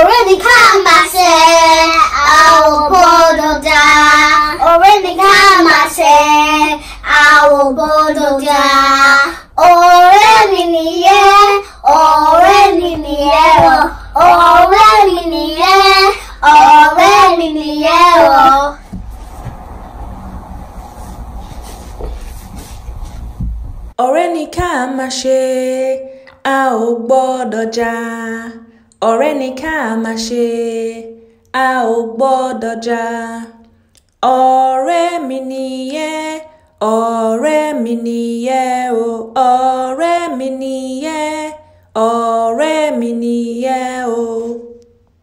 Already mi ká máa ṣe a ò gbọ́dọ̀ Already Ọ̀rẹ́ mi ká máa ṣe a ò Already in the air. Already in the air. Already in the air. Already in the air. ọ̀rẹ́ ni ká máa ṣe a ò gbọ́dọ̀ já ọ̀rẹ́ ni ká máa ṣe a ò gbọ́dọ̀ jà ọ̀rẹ́ mi nìyẹn ọ̀rẹ́ mi nìyẹn o ọ̀rẹ́ mi nìyẹn ọ̀rẹ́ mi nìyẹn.